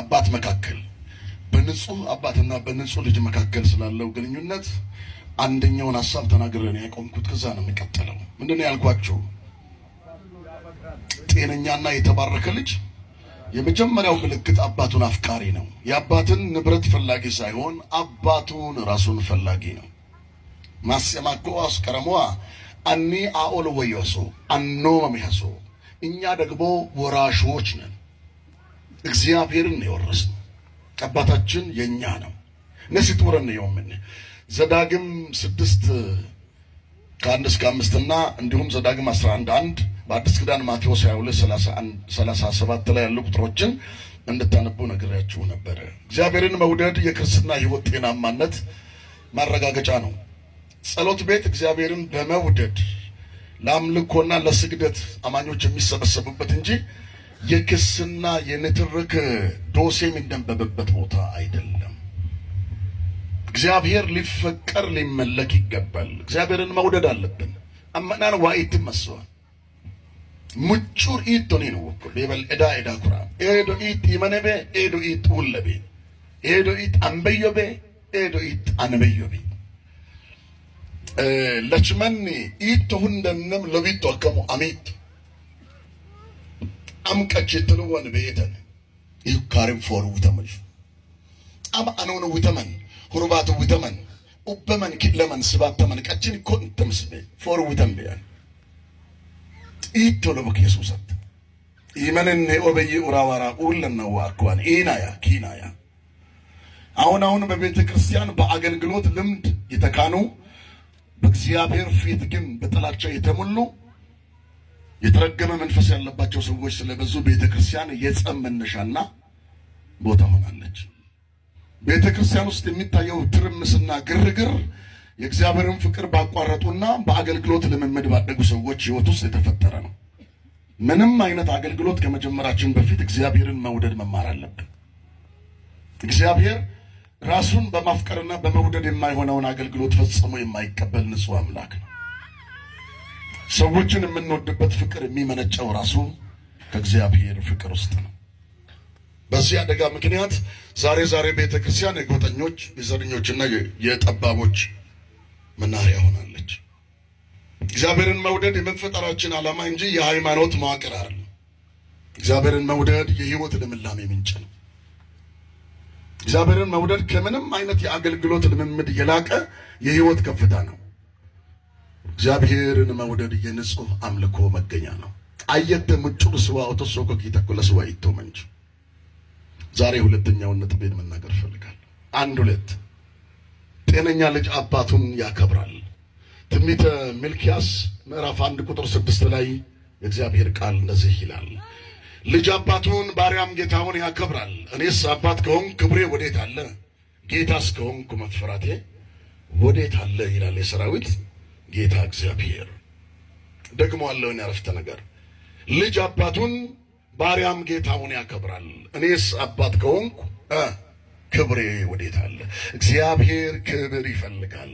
አባት መካከል በንጹህ አባትና በንጹህ ልጅ መካከል ስላለው ግንኙነት አንደኛውን ሀሳብ ተናግረን ያቆምኩት ከዛ ነው የሚቀጥለው። ምንድን ነው ያልኳቸው? ጤነኛና የተባረከ ልጅ የመጀመሪያው ምልክት አባቱን አፍቃሪ ነው። የአባትን ንብረት ፈላጊ ሳይሆን አባቱን ራሱን ፈላጊ ነው። ማስማኮ አስቀረሞዋ አኒ አኦል ወየሶ አኖ መሚያሶ እኛ ደግሞ ወራሾች ነን። እግዚአብሔርን ነው ነው። አባታችን የእኛ ነው። ነሲ ጦረን የውምን ዘዳግም ስድስት ከአንድ እስከ አምስትና እንዲሁም ዘዳግም 11 አንድ በአዲስ ኪዳን ማቴዎስ 22 ሁለት ላይ ያሉ ቁጥሮችን እንድታነቡ ነግሬያችሁ ነበረ። እግዚአብሔርን መውደድ የክርስትና ሕይወት ጤናማነት ማረጋገጫ ነው። ጸሎት ቤት እግዚአብሔርን በመውደድ ለአምልኮና ለስግደት አማኞች የሚሰበሰቡበት እንጂ የክስና የንትርክ ዶሴ የሚደንበብበት ቦታ አይደለም። እግዚአብሔር ሊፈቀር ሊመለክ ይገባል። እግዚአብሔርን መውደድ አለብን። አመናን ዋይት መስዋል ሙጩር ኢት ቶኒ ነው ወኩ ሌበል እዳ እዳ ኩራ ኤዶ ኢት ይመነቤ ኤዶ ኢት ውለቤ ኤዶ ኢት አንበዮቤ ኤዶ ኢት አንበዮቤ ለችመኒ ኢት ሁንደንም ለቢቶ አከሙ አሚት amqachituluwan beetan hikkaarin for wutaman ama anoona wutaman hurbaatu wutaman ubbaman kidlaman sibaataman qachin kon tamsbe foonu wutan be'an iittolobok yesuusatta iimanenne obeyi uraዋራ ሁለናዋ አኳን ኢናያ ኪናያ አሁን አሁን በቤተ ክርስቲያን በአገልግሎት ልምድ የተካኑ በእግዚአብሔር ፊት ግን በጥላቻ የተሞሉ የተረገመ መንፈስ ያለባቸው ሰዎች ስለበዙ ቤተ ክርስቲያን የጸም መነሻና ቦታ ሆናለች። ቤተ ክርስቲያን ውስጥ የሚታየው ትርምስና ግርግር የእግዚአብሔርን ፍቅር ባቋረጡና በአገልግሎት ልምምድ ባደጉ ሰዎች ሕይወት ውስጥ የተፈጠረ ነው። ምንም አይነት አገልግሎት ከመጀመራችን በፊት እግዚአብሔርን መውደድ መማር አለብን። እግዚአብሔር ራሱን በማፍቀርና በመውደድ የማይሆነውን አገልግሎት ፈጽሞ የማይቀበል ንጹሕ አምላክ ነው። ሰዎችን የምንወድበት ፍቅር የሚመነጨው ራሱ ከእግዚአብሔር ፍቅር ውስጥ ነው። በዚህ አደጋ ምክንያት ዛሬ ዛሬ ቤተ ክርስቲያን የጎጠኞች የዘረኞችና የጠባቦች መናኸሪያ ሆናለች። እግዚአብሔርን መውደድ የመፈጠራችን ዓላማ እንጂ የሃይማኖት መዋቅር አለ። እግዚአብሔርን መውደድ የህይወት ልምላሜ ምንጭ ነው። እግዚአብሔርን መውደድ ከምንም አይነት የአገልግሎት ልምምድ የላቀ የህይወት ከፍታ ነው። እግዚአብሔርን መውደድ የንጹህ አምልኮ መገኛ ነው። አየተ ምጩር ስዋ ኦቶሶ ኮኪተ ኩለ ስዋ ይቶ መንጭ ዛሬ ሁለተኛውን ነጥቤን መናገር እፈልጋለሁ። አንድ ሁለት ጤነኛ ልጅ አባቱን ያከብራል። ትንቢተ ሚልኪያስ ምዕራፍ አንድ ቁጥር ስድስት ላይ የእግዚአብሔር ቃል እንደዚህ ይላል፣ ልጅ አባቱን ባሪያም ጌታውን ያከብራል። እኔስ አባት ከሆንኩ ክብሬ ወዴት አለ? ጌታስ ከሆንኩ መፈራቴ ወዴት አለ? ይላል የሰራዊት ጌታ እግዚአብሔር ደግሞ አለውን ያረፍተ ነገር ልጅ አባቱን ባሪያም ጌታውን ያከብራል። እኔስ አባት ከሆንኩ ክብሬ ወዴት አለ? እግዚአብሔር ክብር ይፈልጋል።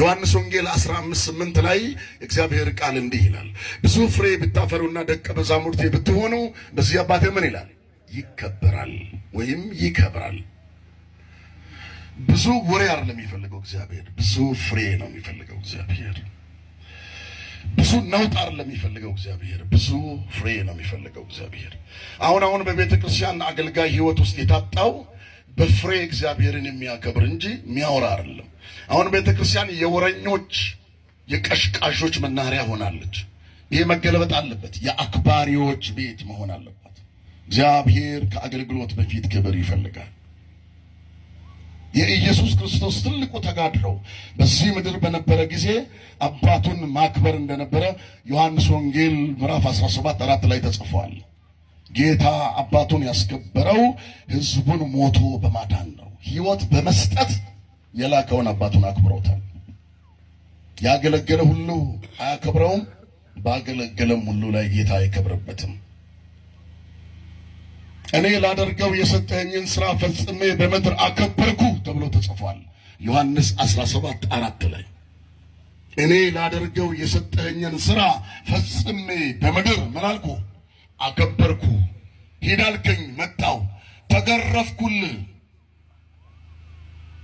ዮሐንስ ወንጌል 15:8 ላይ እግዚአብሔር ቃል እንዲህ ይላል፣ ብዙ ፍሬ ብታፈሩና ደቀ መዛሙርቴ ብትሆኑ በዚህ አባቴ ምን ይላል? ይከበራል ወይም ይከብራል። ብዙ ወሬ አይደለም የሚፈልገው እግዚአብሔር፣ ብዙ ፍሬ ነው የሚፈልገው እግዚአብሔር። ብዙ ነውጥ አይደለም የሚፈልገው እግዚአብሔር፣ ብዙ ፍሬ ነው የሚፈልገው እግዚአብሔር። አሁን አሁን በቤተ ክርስቲያን አገልጋይ ህይወት ውስጥ የታጣው በፍሬ እግዚአብሔርን የሚያከብር እንጂ የሚያወራ አይደለም። አሁን ቤተ ክርስቲያን የወረኞች የቀሽቃሾች መናኸሪያ ሆናለች። ይሄ መገለበጥ አለበት። የአክባሪዎች ቤት መሆን አለባት። እግዚአብሔር ከአገልግሎት በፊት ክብር ይፈልጋል። የኢየሱስ ክርስቶስ ትልቁ ተጋድሎው በዚህ ምድር በነበረ ጊዜ አባቱን ማክበር እንደነበረ ዮሐንስ ወንጌል ምዕራፍ 17 አራት ላይ ተጽፏል። ጌታ አባቱን ያስከበረው ሕዝቡን ሞቶ በማዳን ነው። ሕይወት በመስጠት የላከውን አባቱን አክብሮታል። ያገለገለ ሁሉ አያከብረውም፣ ባገለገለም ሁሉ ላይ ጌታ አይከብርበትም። እኔ ላደርገው የሰጠኝን ሥራ ፈጽሜ በምድር አከበርኩ ተብሎ ተጽፏል። ዮሐንስ 17 አራት ላይ እኔ ላደርገው የሰጠኝን ሥራ ፈጽሜ በምድር ምን አልኩ? አከበርኩ። ሄዳልከኝ፣ መጣው ተገረፍኩል፣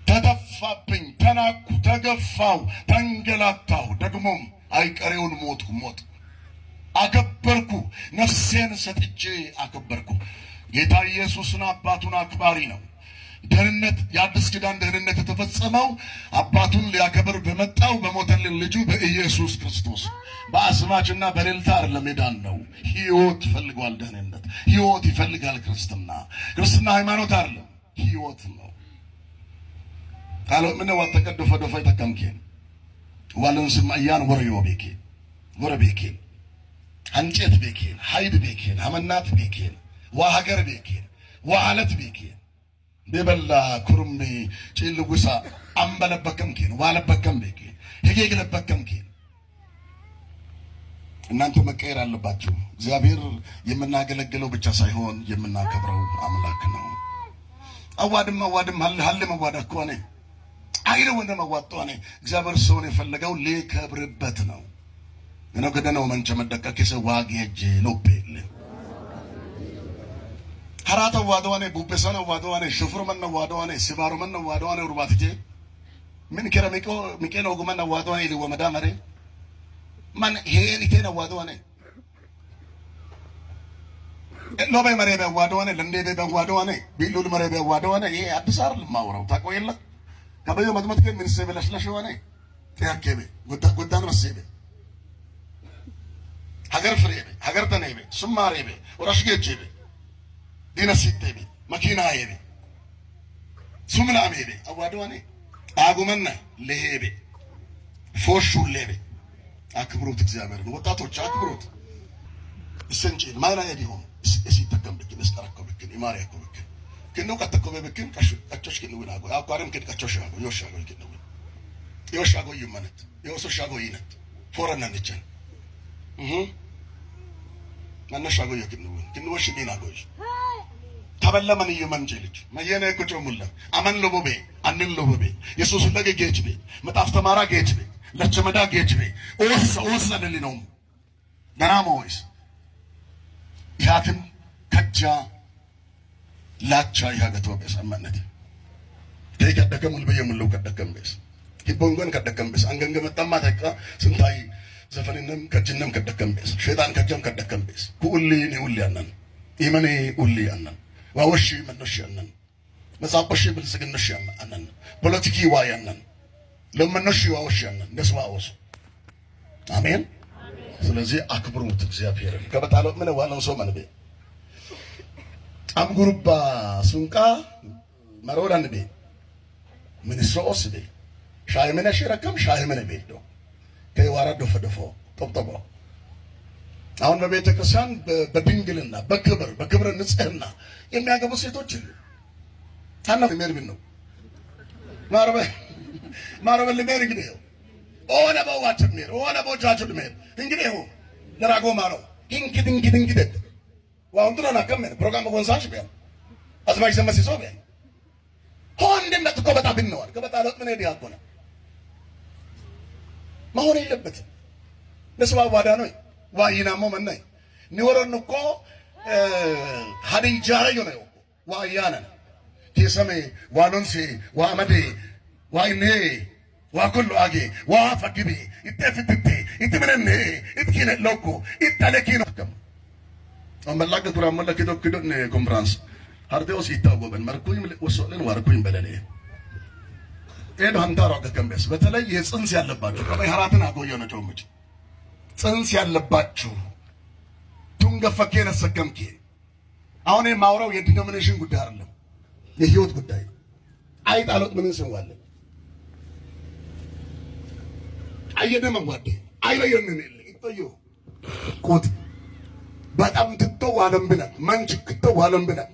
ተተፋብኝ፣ ተናኩ፣ ተገፋው፣ ተንገላታሁ። ደግሞም አይቀሬውን ሞት ሞት አከበርኩ። ነፍሴን ሰጥቼ አከበርኩ። ጌታ ኢየሱስን አባቱን አክባሪ ነው። ደህንነት የአዲስ ኪዳን ደህንነት የተፈጸመው አባቱን ሊያከብር በመጣው በሞተልን ልጁ በኢየሱስ ክርስቶስ በአስማችና በሌልታ አይደለም የዳን ነው። ህይወት ይፈልጓል። ደህንነት ህይወት ይፈልጋል። ክርስትና ክርስትና ሃይማኖት አይደለም ህይወት ነው። ካለ ምን ዋተቀ ዶፈ ዶፈ ይተከምኬን ዋለንስማ እያን ወረዮ ቤኬን ወረ ቤኬን አንጨት ቤኬን ሀይድ ቤኬን አመናት ቤኬን ወሀገር ቤኬን ወአለት ቤኬን ቤበላ ኩርሜ ጭልጉሳ አንበለበከም ኬን ዋለበከም ቤኬን ሄጌግለበከም ኬን እናንተ መቀየር አለባችሁ። እግዚአብሔር የምናገለግለው ብቻ ሳይሆን የምናከብረው አምላክ ነው። አዋድም አዋድም ሀል መዋዳ ከሆነ አይረ ወንደ መዋጥ ሆነ እግዚአብሔር ሰውን የፈለገው ሊከብርበት ነው። እነገደነው መንቸ መደቀ ኬሰ ዋግ ሄጄ ሎፔል harata bupesana waadwaane bubbesana waadwaane shufurmanna waadwaane sibaarumanna waadwaane urbatije min kera kira miqoo miqeen ogumanna waadwaane ili wamadaa mare man heeni keena waadwaane ሎባይ መሬ ቢያዋደዋነ ለንዴ be ቢሉል መሬ ቢያዋደዋነ ይሄ አዲስ አይደለም ማውራው ታቆ የለ ከበዮ መጥመት ግን ምን ሰበ ለሽለሽ ሆነ ተያከበ ወጣ ወጣን መሰበ hagar ፍሬ ሀገር ተነይበ ሱማሬ ወራሽ ገጀበ ዲነሲቴ ቤት መኪና ሄቤ ሱምላም ሄቤ አዋደዋኔ አጉመና ለሄቤ ፎሹ ሌቤ አክብሮት እግዚአብሔርን ወጣቶች አክብሮት እሰንጭ ማና ሄዲ ሆኑ እሲተከም ብክን እስጠረኮ ብክን ኢማሪያኮ ብክን ክን ቀተኮበ ብክን ቀቾች ክን አጎ አኳርም ክን ቀቾሽ አጎ ዮሽ አጎ ክን ይመነት ዮሶሽ አጎ ይነት ፎረና ንቸን መነሽ አጎዮ ክን ውን ክን ተበለመን መንጀልች መየነ ኩጮሙላ አመን ለቦቤ አንን ለቦቤ ኢየሱስ ለገ ጌጅቤ መጣፍ ተማራ ጌጅቤ ለቸመዳ ጌጅቤ ኦስ ኦስ ለለሊኖም ደራሞ ወይስ ያትን ከጃ ላቻ ይሃገቶ በሰማነት ተይቀደከሙል በየሙለው ቀደከም በስ ሂቦንጎን ቀደከም በስ አንገንገመጣማ ተቃ ስንታይ ዘፈንንም ከጅንም ቀደከም በስ ሸይጣን ከጃም ቀደከም በስ ኩኡሊ ኡሊ ያነን ኢመኔ ኡሊ ያነን ምንሽ ያንን መጻቆሺ ብልጽግንሽ ያንን ፖለቲኪ ዋያነን ለመነሽ ዋወሺ ያነን እንደስማ ወሱ አሜን። ስለዚህ አክብሩት እግዚአብሔርን ከበጣሎ ምን ዋለን ሰው መንቤ አምጉሩባ ሱንቃ መሮዳን ቤ ምን ሶስ ቤ ሻይ ምን ሽረከም ሻይ ምን ቤ ዶ ከይዋራ ዶፈ ዶፎ ጦብጦቦ አሁን በቤተ ክርስቲያን በድንግልና በክብር በክብረ ንጽህና የሚያገቡ ሴቶች አሉ። ታና ሜርቢን ነው ማረበ ማረበ ለሜር እንግዲህ ኦነ በዋት ሜር ኦነ ቦጃጁ ሜር እንግዲህ ሆ ለራጎ ማሮ እንግድ እንግድ እንግድ ዋው እንደና ከመ ፕሮግራም ወንሳሽ ቢያ አዝማሽ ዘመስ ይሶ ቢያ ሆ እንደነት ከበጣ ብንዋል ከበጣ ለጥ ምን ይዲያቆና መሆን የለበትም ለሰው ዋዳ ነው። wa inaamo mannai ni waronnukko hadi ijaara yona wa ayyaana teessame waa nonse waa amade waa innee waa kollo age waa fakkibi itti afititti itti minenne itti kiine lokko itti ale kiino akkam ammallaqa dura ammallaqa kido kidonne konferaansi harde osii itti awwaban markuyi wasolen waarkuyi belelee ኤዶ ሀምታሮ አቀቀምበስ በተለይ የጽንስ ያለባቸው ከበይ ሀራትን አቆየ ነው ጨውምጭ ጽንስ ያለባችሁ ቱንገፈኬ ነሰከምኬ አሁን የማውራው የዲኖሚኔሽን ጉዳይ አይደለም፣ የህይወት ጉዳይ ነው። አይጥ አልወጥንም እንሰዋለን። አየነ መዋዴ አይለየንን የለ ይጠየ ቁጥ በጣም ትተው አለም ብላት መንች ክትተው አለም ብላት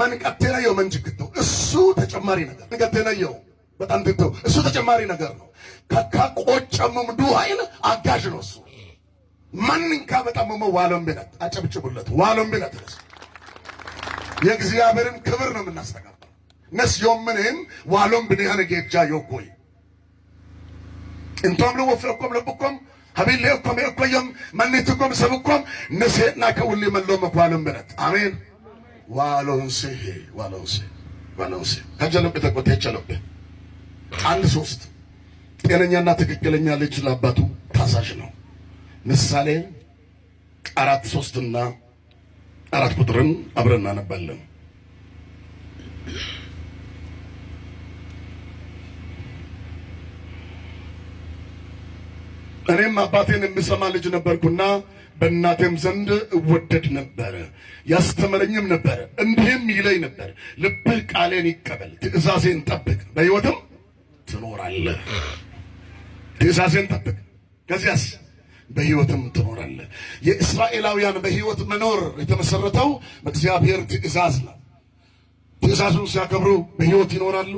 መንቀቴነየው መንች ክትተው እሱ ተጨማሪ ነገር ንቀቴነየው በጣም ትተው እሱ ተጨማሪ ነገር ነው። ከካ ቆጨሙም ዱ ኃይል አጋዥ ነው እሱ ማንን ዋለም ዋለምብነት አጨብጭቡለት። ዋለም ዋለምብነት የእግዚአብሔርን ክብር ነው የምናስተጋባ ነስ ዮምንም ዋሎም ብንያነ ጌጃ ዮጎይ እንቶም ልወፍረኮም ለብኮም ሀቢል እኮም እኮየም መኒትኮም ሰብኮም ነሴና ከውል መሎም ዋሎም ብነት አሜን ዋሎንሴ ዋሎንሴ ዋሎንሴ ከጀለብ ተቆቴ ቸለብ አንድ ሶስት ጤነኛና ትክክለኛ ልጅ ለአባቱ ታዛዥ ነው። ምሳሌ አራት ሶስትና አራት ቁጥርን አብረን እናነባለን። እኔም አባቴን የምሰማ ልጅ ነበርኩና በእናቴም ዘንድ እወደድ ነበር ያስተምረኝም ነበር እንዲህም ይለኝ ነበር፣ ልብህ ቃሌን ይቀበል፣ ትእዛዜን ጠብቅ፣ በሕይወትም ትኖራለህ። ትእዛዜን ጠብቅ። ከዚያስ በህይወትም ትኖራለ። የእስራኤላውያን በህይወት መኖር የተመሰረተው በእግዚአብሔር ትእዛዝ ነው። ትእዛዙን ሲያከብሩ በህይወት ይኖራሉ።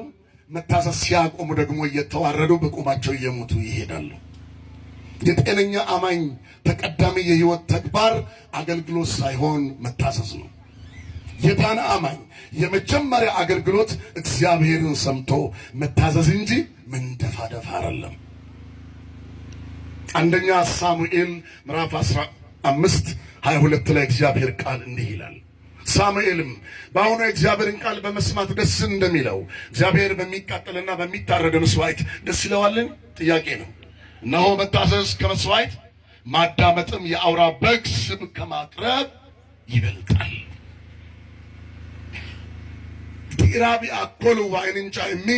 መታሰስ ሲያቆሙ ደግሞ እየተዋረዱ በቁማቸው እየሞቱ ይሄዳሉ። የጤነኛ አማኝ ተቀዳሚ የህይወት ተግባር አገልግሎት ሳይሆን መታሰስ ነው። የዳነ አማኝ የመጀመሪያ አገልግሎት እግዚአብሔርን ሰምቶ መታዘዝ እንጂ ደፋ አይደለም። አንደኛ ሳሙኤል ምዕራፍ 15 22 ላይ እግዚአብሔር ቃል እንዲህ ይላል። ሳሙኤልም በአሁኑ የእግዚአብሔርን ቃል በመስማት ደስ እንደሚለው እግዚአብሔር በሚቃጠልና በሚታረድ መስዋዕት ደስ ይለዋልን? ጥያቄ ነው። እነሆ መታዘዝ ከመስዋዕት ማዳመጥም የአውራ በግ ስብ ከማቅረብ ይበልጣል። ዲራቢ አኮሉ ዋይንንጫ የሚ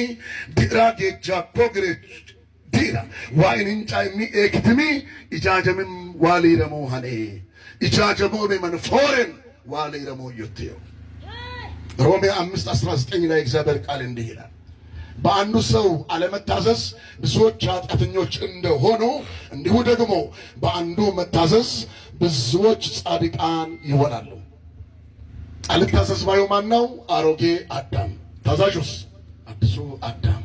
ዲራ ጌጃ ኮግሬች ዲና ዋይንንጫ የሚ ኤክትሚ ኢጃጀምን ዋሊረሞ ሀኔ ኢጃጀሞን መንፎርን ዋሊረሞ ዮትየው ሮሜ አምስት አስራ ዘጠኝ ላይ እግዚአብሔር ቃል እንዲህ ይላል በአንዱ ሰው አለመታዘዝ ብዙዎች ኃጢአተኞች እንደሆኑ እንዲሁ ደግሞ በአንዱ መታዘዝ ብዙዎች ጻድቃን ይሆናሉ። አልታዘዝ ባዩ ማን ነው? አሮጌ አዳም። ታዛዡስ አዲሱ አዳም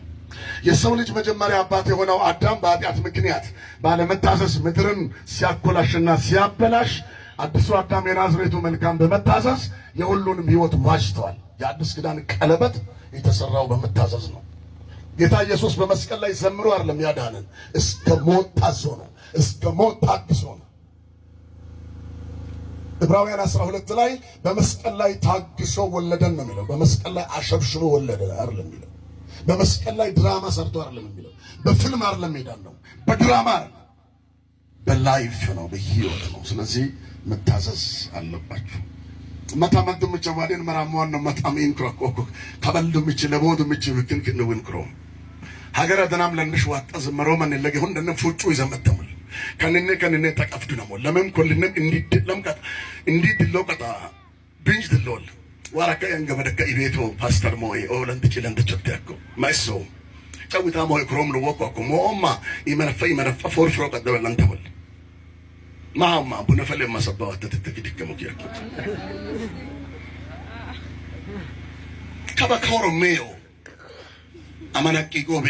የሰው ልጅ መጀመሪያ አባት የሆነው አዳም በኃጢአት ምክንያት ባለመታዘዝ ምድርን ሲያኮላሽና ሲያበላሽ፣ አዲሱ አዳም የናዝሬቱ መልካም በመታዘዝ የሁሉንም ሕይወት ዋጅተዋል። የአዲስ ኪዳን ቀለበት የተሰራው በመታዘዝ ነው። ጌታ ኢየሱስ በመስቀል ላይ ዘምሮ አይደለም ያዳንን፣ እስከ ሞት ታዞ ነው። እስከ ሞት ታግሶ ነው። ዕብራውያን 12 ላይ በመስቀል ላይ ታግሶ ወለደን ነው የሚለው። በመስቀል ላይ አሸብሽቦ ወለደ አይደለም የሚለው በመስቀል ላይ ድራማ ሰርቶ አይደለም የሚለው በፊልም አይደለም ሄዳለሁ በድራማ በላይፍ ነው በህይወት ነው። ስለዚህ መታዘዝ አለባችሁ። መታ ድምጭ ባዴን መራመዋን ነው መታመን ክራቆኩ ከበል ድምጭ ለቦድ ምጭ ብክን ክንውን ክሮ ሀገረ ደናም ለንሽ ዋጣ ዘመረው ማን ለገ ሁን ደነ ፉጩ ይዘመተሙል ከነነ ከነነ ተቀፍዱ ነው ለምን ኮልነን እንዲድ ለምቀጥ እንዲድ ለውቀጣ ብንጅ ትለዋል ዋራካ ያንገመደከ ኢቤቶ ፓስተር ሞይ ኦለንትች ለንትቸትያኮ ማይሶ ጨዊታ ሞይ ክሮም ልወኳኮ ሞማ ይመነፈ ይመነፈ ፎርፍሮ ቀደበለንተወል ማማ ቡነፈለ ማሰባዋተትተፊድከሞ ያኮ ከበከ ኦሮሜዮ አመነቂ ጎቤ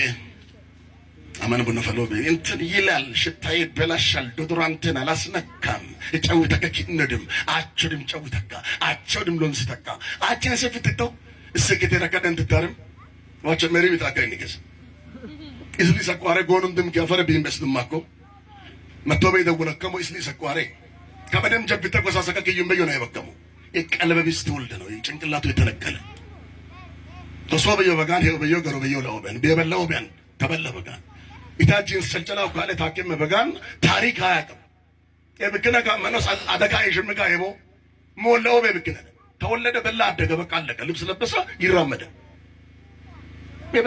አመን ቡነ ፈሎ እንትን ይላል። ሽታዬ ይበላሻል። ዶዶራንትን አላስነካም። ጨው ተካ ኪነድም አቸውድም ጨው ተካ አቸውድም ሎንስ ተካ አቸን ሰፍትተው እስከቴ ረከደን ትታርም ዋቸ መሪ ቢታካ ይንገስ እስሊ ሰቋረ ጎኑም ድም ገፈረ ቢምበስ ድማኮ መቶ በይ በይደውለከሙ እስሊ ሰቋረ ከመደም ጀብተ ጎሳሰከ ከዩም በዩ ነው የበከሙ የቀለበቢስ ትውልድ ነው ጭንቅላቱ የተነቀለ ተሶ በዩ በጋን ሄው በዮ ገሮ በዮ ለኦበን ቤበላ ኦበን ተበላ በጋን ኢታችን ሰጨላው ካለ ታከመ በጋን ታሪክ አያውቅም። የብክነ መነስ አደጋ የሽምጋ የቦ ሞላው በብክነ ተወለደ በላ አደገ በቃ አለቀ። ልብስ ለበሰ ይራመደ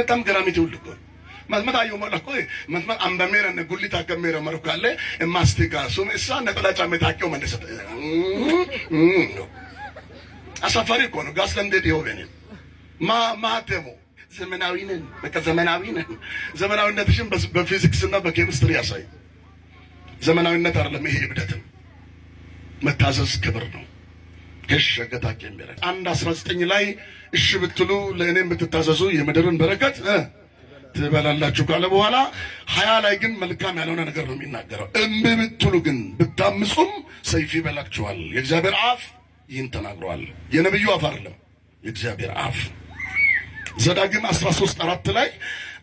በጣም ገራሚ ትውልድ እኮ መስመት አዩ መለኮ መስመት አንበሜረ ነ ጉሊት አከሜረ መሩ ማስቲካ ሱም እሳ ነጠላ ጫማ ታቀው መነሰ አሳፋሪ እኮ ነው። ጋስ ለምደድ ይሆነ ማ ማተሞ ዘመናዊ ነን፣ በቃ ዘመናዊ ነን። ዘመናዊነትሽን በፊዚክስ እና በኬሚስትሪ ያሳይ። ዘመናዊነት አይደለም ይሄ እብደትም፣ መታዘዝ ክብር ነው። ከሸገታ የሚረ አንድ አስራ ዘጠኝ ላይ እሺ ብትሉ ለእኔ የምትታዘዙ የምድርን በረከት ትበላላችሁ ካለ በኋላ ሀያ ላይ ግን መልካም ያልሆነ ነገር ነው የሚናገረው። እምቢ ብትሉ ግን ብታምፁም ሰይፍ ይበላችኋል። የእግዚአብሔር አፍ ይህን ተናግረዋል። የነብዩ አፍ አይደለም፣ የእግዚአብሔር አፍ ዘዳግም 13 አራት ላይ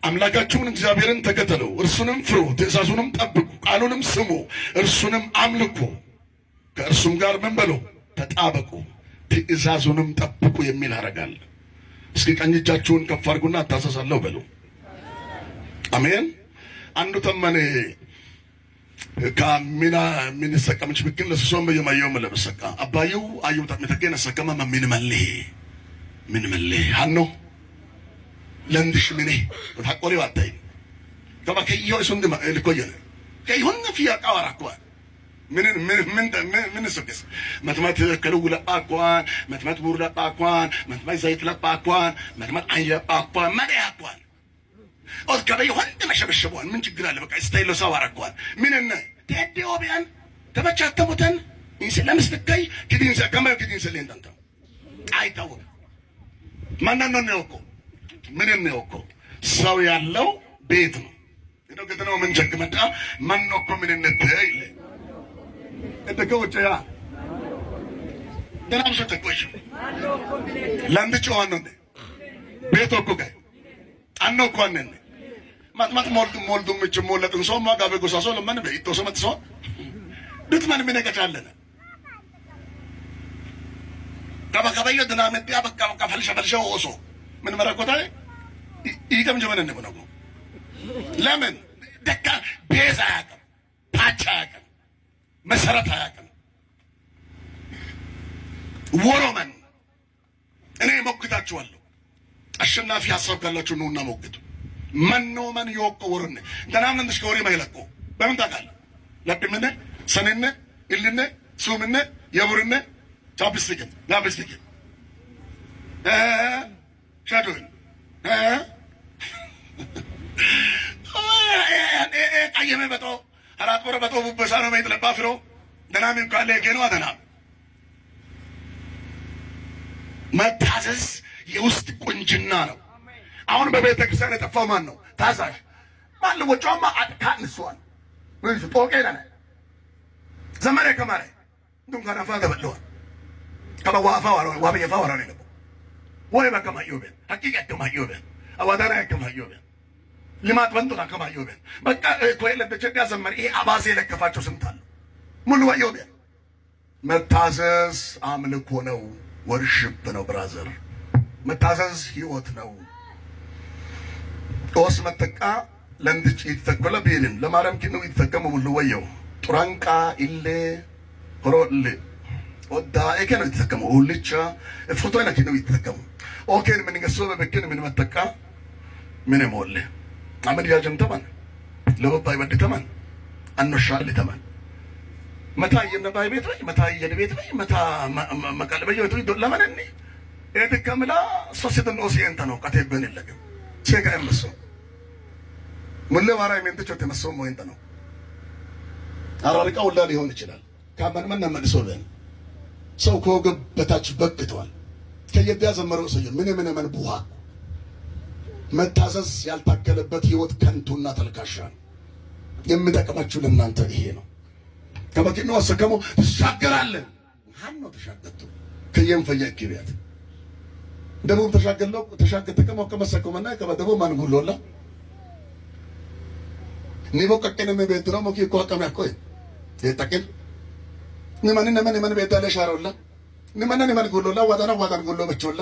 አምላካችሁን እግዚአብሔርን ተከተሉ፣ እርሱንም ፍሩ፣ ትእዛዙንም ጠብቁ፣ ቃሉንም ስሙ፣ እርሱንም አምልኩ፣ ከእርሱም ጋር ምን በሉ ተጣበቁ፣ ትእዛዙንም ጠብቁ የሚል አረጋል። እስኪ ቀኝ እጃችሁን ከፍ አድርጉና እታሰሳለሁ በሉ። አሜን። አንዱ ተመኔ ከሚና የሚንሰቀምች ብክን ለስሶም በየማየው ለመሰቃ አባዩ አዩ ተቀነ ሰከመ መሚን መልህ ምን መልህ ሀኖ ለንድሽምኔ ብታቆሪ ባታይ ገባ ከዮ እሱ እንድማ ልኮየ ከይሁን ፍያ ቃዋራ እኮ ምን ምን ምን ምን ሰደስ መትመት ከልው ለጳኳን መትመት ቡር ለጳኳን መትመት ዘይት ለጳኳን መትመት አይ ለጳኳን ማዳ ያቋን ኦት ከበይ ሁን ተመሸበሸበዋል ምን ችግር አለ በቃ ስታይል ነው ሰው አረጋዋል ምን እነ ተዲዮ ቢያን ተመቻተሙተን ኢንሰላምስ ተከይ ግዲን ዘከማ ግዲን ሰለንታንታ አይታወቅ ማናን ነው ነው ምን ነው ሰው ያለው ቤት ነው። እንደው ገጠና ምን ቸክ መጣ ማን ነው እኮ ምን እንደ ይለ እንደገው ደናም ሰጠቆሽ ላንድ ጨዋን ነው ቤት እኮ ጋር አን እኮ አንን ማጥማት ሞልዱ ሞልዱ ምጭ ሞለጥን ሰው ማጋበ ጎሳሶ ለምን ቤት ተሰ መጥሶ ድት ምን ነገጫለና ከበከበየ ድናመት ያበቃ በቃ ፈልሸ ፈልሸ ወሶ ምን መረኮታ ይቀምጀመን እንደምነው ለምን ደካ ቤዛ አያውቅም፣ ታች አያውቅም፣ መሰረት አያውቅም። ወሮመን እኔ ሞግታችኋለሁ። አሸናፊ ሀሳብ ካላችሁ ነውና ሞግቱ። መኖመን የወቀ ወሮነ ተናምንሽ ከወሬ ማይለቆ በምን ታውቃለህ? ለቅምነ ሰኔነ እልነ ሱምነ የቡርነ ቻፕስቲክን ላፕስቲክን ሻዶን ቀየመ በጦ አራጦረ በጦ ቡበሳ ነው ይጥለባ ፍሮ ደናሚም ካለ የገነው አደና መታዘዝ የውስጥ ቁንጅና ነው። አሁን በቤተ ክርስቲያን የጠፋው ማን ነው? ታዛዥ ባለ ወጫማ አጥካ ንሷል ወይ ጦቄ ነነ ዘመረ ከማረ እንዱን ካናፋ ተበለዋል ከበዋፋ ዋለ ዋበየፋ ዋለ ነው ወይ በከማዮበ ሐቂቅ ያከማዮበ አዋዳና ያከማዮበ ልማት በንጥላ ከባዮ ቤት በቃ ኮይለ በኢትዮጵያ ዘመን ይሄ አባዜ የለከፋቸው ስንት አለ ሙሉ ባዮ መታዘዝ አምልኮ ነው፣ ወርሽፕ ነው። ብራዘር መታዘዝ ህይወት ነው። ጦስ መጠቃ ለንድጭ ይተኮለ ቢልን ለማርያም ኪኑ ይተከሙ ሙሉ ወየው ጥራንቃ ኢሌ ሮል ወዳ እከ ነው ይተከሙ ሁልቻ ፍቶና ነው ይተከሙ ኦኬን ምን ገሶበ በከን ምን መጠቃ ምን ሞልህ ተማን ለወባይ ወድ ተማን አኖሻል ተማን መታ የነባይ ቤት ላይ መታ የነ ቤት ላይ መታ መቀለበ የቱ ለማን እንዴ እት ከምላ ሶስት ነው ሲንተ ነው ቀቴብን ይለገ ቼካ እምሶ ሙለ ማራ ምን ተቾት እምሶ ሞይንተ ነው አራሪቃው ላይ ሊሆን ይችላል ካመን ምን መልሶ ለን ሰው ከወገብ በታች በግቷል ከየዳ ዘመረው ሰው ምን ምን ምን ቡሃ መታዘዝ ያልታከለበት ህይወት ከንቱና ተልካሻ ነው። የምጠቅማችሁ ለእናንተ ይሄ ነው። ከመኪናው አሰከሞ ትሻገራለህ ነው ተሻገርቱ ከየም ፈያ ኪቢያት ደቡብ ተሻገለው ተሻገር ተከማ ከመሰከመና ማን ጉሎላ ኒቦ ቀቀነ መቤት ነው ሞኪ ኮ አቀም ያቆይ የጠቅል ንመን ነመን ነመን ቤታለ ሻሮላ ንመን ነመን ጉሎላ ዋዳና ዋዳን ጉሎ በቾላ